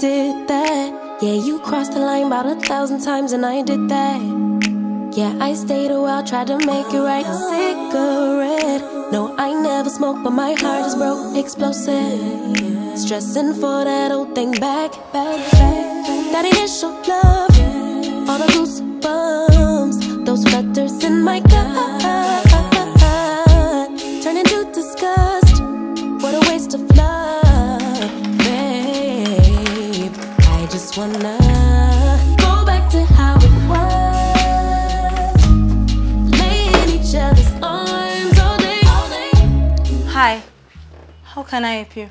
did that. Yeah, you crossed the line about a thousand times and I did that. Yeah, I stayed a while, tried to make it right. Cigarette. No, I never smoke, but my heart is broke, explosive. Stressing for that old thing back, back, back. That initial love, all the goosebumps, those feathers in my gut. just wanna go back to how it was. All day, all day. Hi, how can I help you?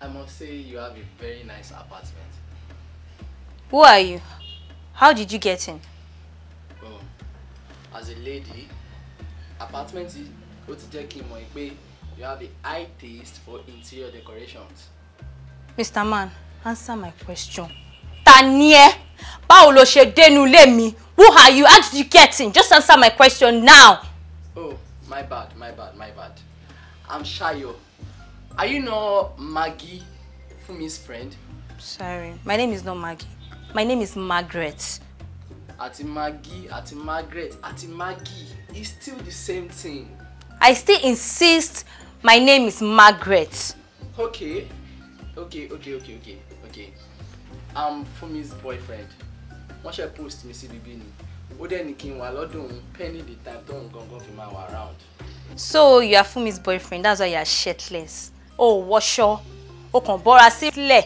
I must say you have a very nice apartment. Who are you? How did you get in? Well, as a lady, apartment is what ti jẹ́ kí you have a high taste for interior decorations. Mr. Man, answer my question. Ta ni ẹ? Báwo lo ṣe dénú ilé mi? Who are you? How did you get in? Just answer my question now. Oh, my bad, my bad, my bad. I'm Shayo. Are you not Maggie, Fumi's friend? Sorry, my name is not Maggie. My name is Margaret. Àti Maggie, àti Margaret, àti Maggie is still the same thing. I still insist my name is Margaret. Okay, okay okay okay okay okay um Funmi's boyfriend wọ́n ṣe post mi sí bíbí ni ó dẹ̀ ní kí n wà lọ́dún penny the time tó ń gangan fi máa wà round. so you are Funmi's boyfriend that's why you are shirtless o oh, wọṣọ o kàn bọ́ra sílẹ̀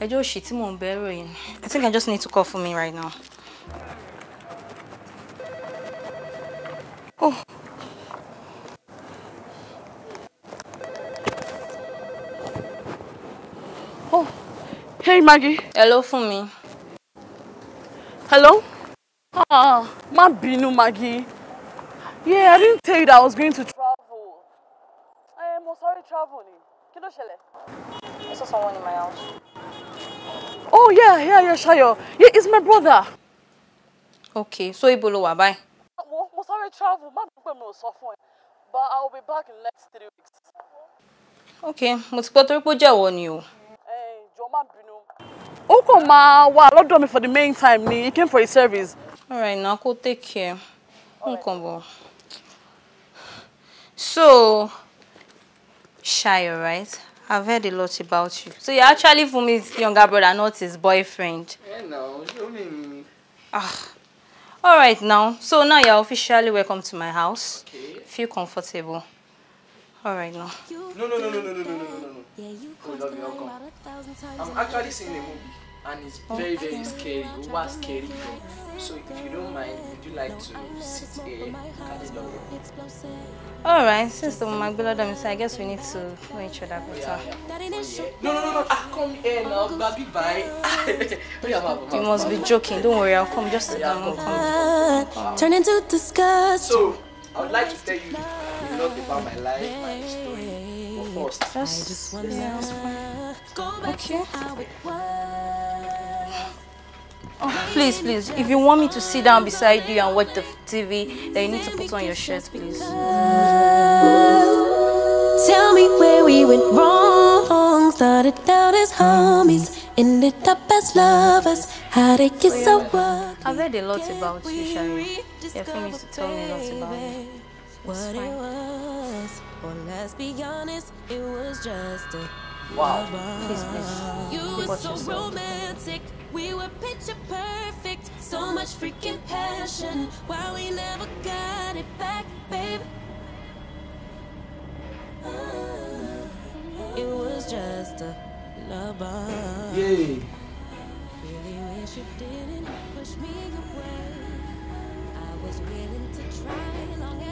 ẹjọ́ òṣì tí mò ń bẹ̀rù yìí I think I just need to call Funmi right now. Oh. Oh, hey Maggie. Hello fún mi. Hello? Ah, my binu Maggie. Yeah, I didn't tell you that I was going to travel. I eh, am sorry traveling. Kilo Kí I saw someone in my house. Oh yeah, yeah, yeah, Shayo. Yeah, it's my brother. Okay, so ibo lo Bye. I'm sorry travel. Má bi pé mo But I will be back in the next three weeks. Okay, mo ti to torí pé ó jẹ́ ìwọ ni ó kàn máa wà me for the main time Me, he came for his service. all right na ko take care nkan bọ so Shayo right I've heard a lot about you so you're actually Fumi's younger brother not his boyfriend. Yeah, no, show me. ah all right now so now you're officially welcome to my house okay. feel comfortable. All right now. No, no, no, no, no, no, no, no, no, no. Yeah, you oh, love you, come. I'm actually seeing a movie, and it's very, very scary. It scary. So if you don't mind, would you like to sit here and All right, since the Magbila dam is I guess we need to know each other better. No, no, no, no, ah, come here now, baby, bye. you must be joking. Don't worry, I'll come. Just sit down. Turn into disgust. So, I would like to tell you not about my life, my story. Of course, I just want to go back okay. to how it was. Oh, please, please, if you want me to sit down beside you and watch the TV, then you need to put on your shirt, please. Tell me where we went wrong. Started out as homies, ended up as lovers. How did you so work? I've heard a lot about you, Shari. Your friend used to tell me a lot about you what it was. Well, let's be honest, it was just a wow. Please, please. You were so romantic, we were picture perfect. So much freaking passion, why we never got it back, babe. It was just a love bomb. Yay. Really wish you didn't push me away.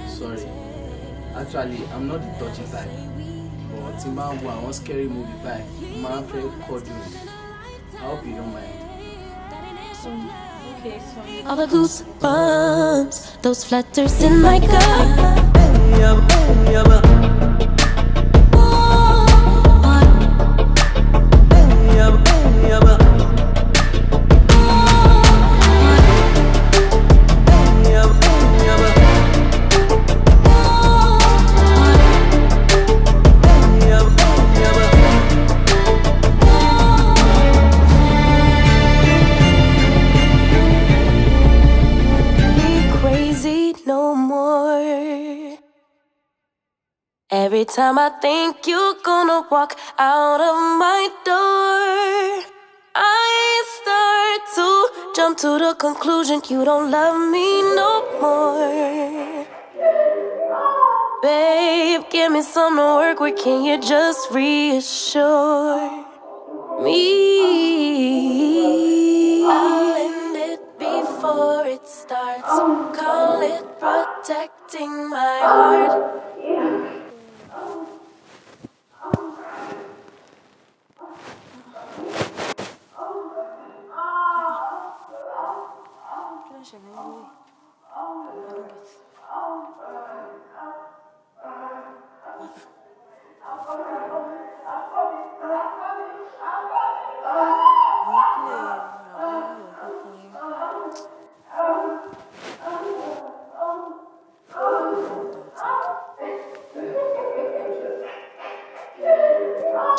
Sorry. Actually, I'm not the touchy type. But tí n bá scary movie báyìí, mo máa ń I hope you don't mind. okay, so... All the goosebumps, those flutters in my gut. Every time I think you're gonna walk out of my door, I start to jump to the conclusion you don't love me no more. Babe, give me some to work with. Can you just reassure me? I'll end it before it starts. Call it protecting my heart.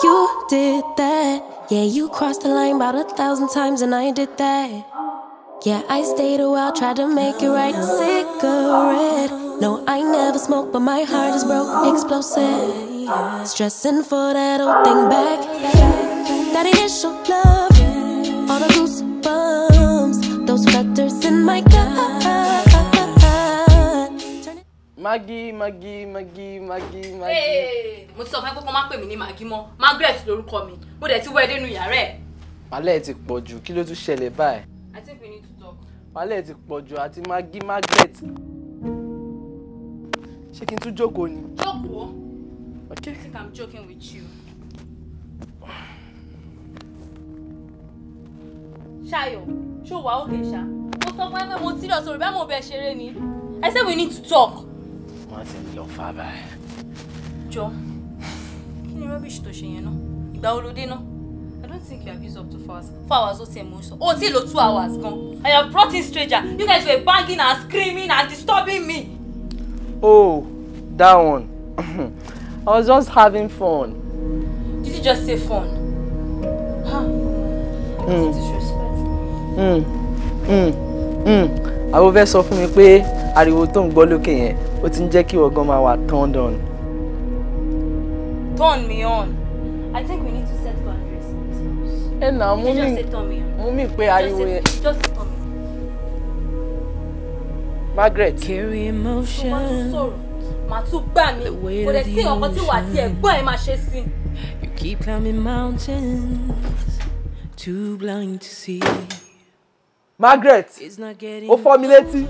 You did that. Yeah, you crossed the line about a thousand times, and I did that. Yeah, I stayed a while, tried to make it right. Cigarette. No, I never smoke, but my heart is broke, explosive. Stressing for that old thing back. That initial love, all the goosebumps, those feathers in my gut. Maggie, Maggie, Maggie, Maggie, Maggie. Hey, mo ti sọ fún ẹ pé pè mí ní Maggie mọ́. Margaret lorúkọ mi. Mo dẹ̀ ti wọ ẹ dénú yàrá ẹ̀. Alẹ́ ti pọ̀ jù, kí ló tún ṣẹlẹ̀ báyìí? I think we need to talk. Wàhálẹ̀ ti pọ̀ jù àti Maggi Margaret. Ṣé kí n tún jókòó ni? Jókòó. Okay. I think I'm joking with you. Ṣayọ̀, ṣó wà òkè ṣá? Mo sọ fún ẹ pé mo ti lọ sọ̀rọ̀ bẹ́ẹ̀ mo bẹ ṣeré ni. I said we need to talk. Wọ́n ti ń lọ fábà. Jọ, kí ni rubbish tó ṣe yẹn náà? Ìgbà olóde náà don't think you have used up to four hours. Four hours ó tiẹ̀ mú sọ. O two hours gone. I have brought in stranger. You guys were banging and screaming and disturbing me. Oh, that one. I was just having fun. Did you just say fun? Huh? Mm. Disrespect. Mm. Mm. Mm. Àwọn fẹ́ sọ fún mi pé ariwo tó turn gbọ́ lókè yẹn ó ti ń jẹ́ kí ọgán turned on. Turn me on. I think we need to ẹ nà mú mi mú mi pé ariwo yẹn. Margaret. carry emotion. mo máa tún sọ̀rọ̀ tún gbà mí kò dẹ̀ sí ọkọ tí wà á ti ẹ̀gbọ́n ẹ̀ máa ṣe sí. you keep climbing mountains too blind to see. Margaret ó fọ́ mi létí.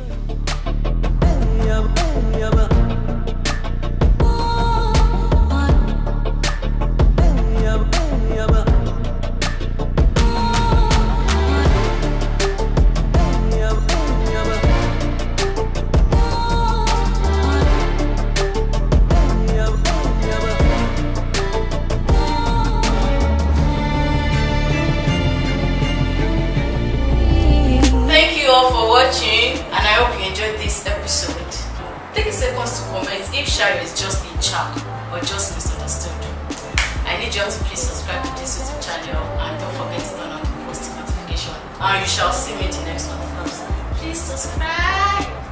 just in chat, or just misunderstood. I need you all to please subscribe to this YouTube channel and don't forget to turn on the post notification. And you shall see me in the next one. Please subscribe!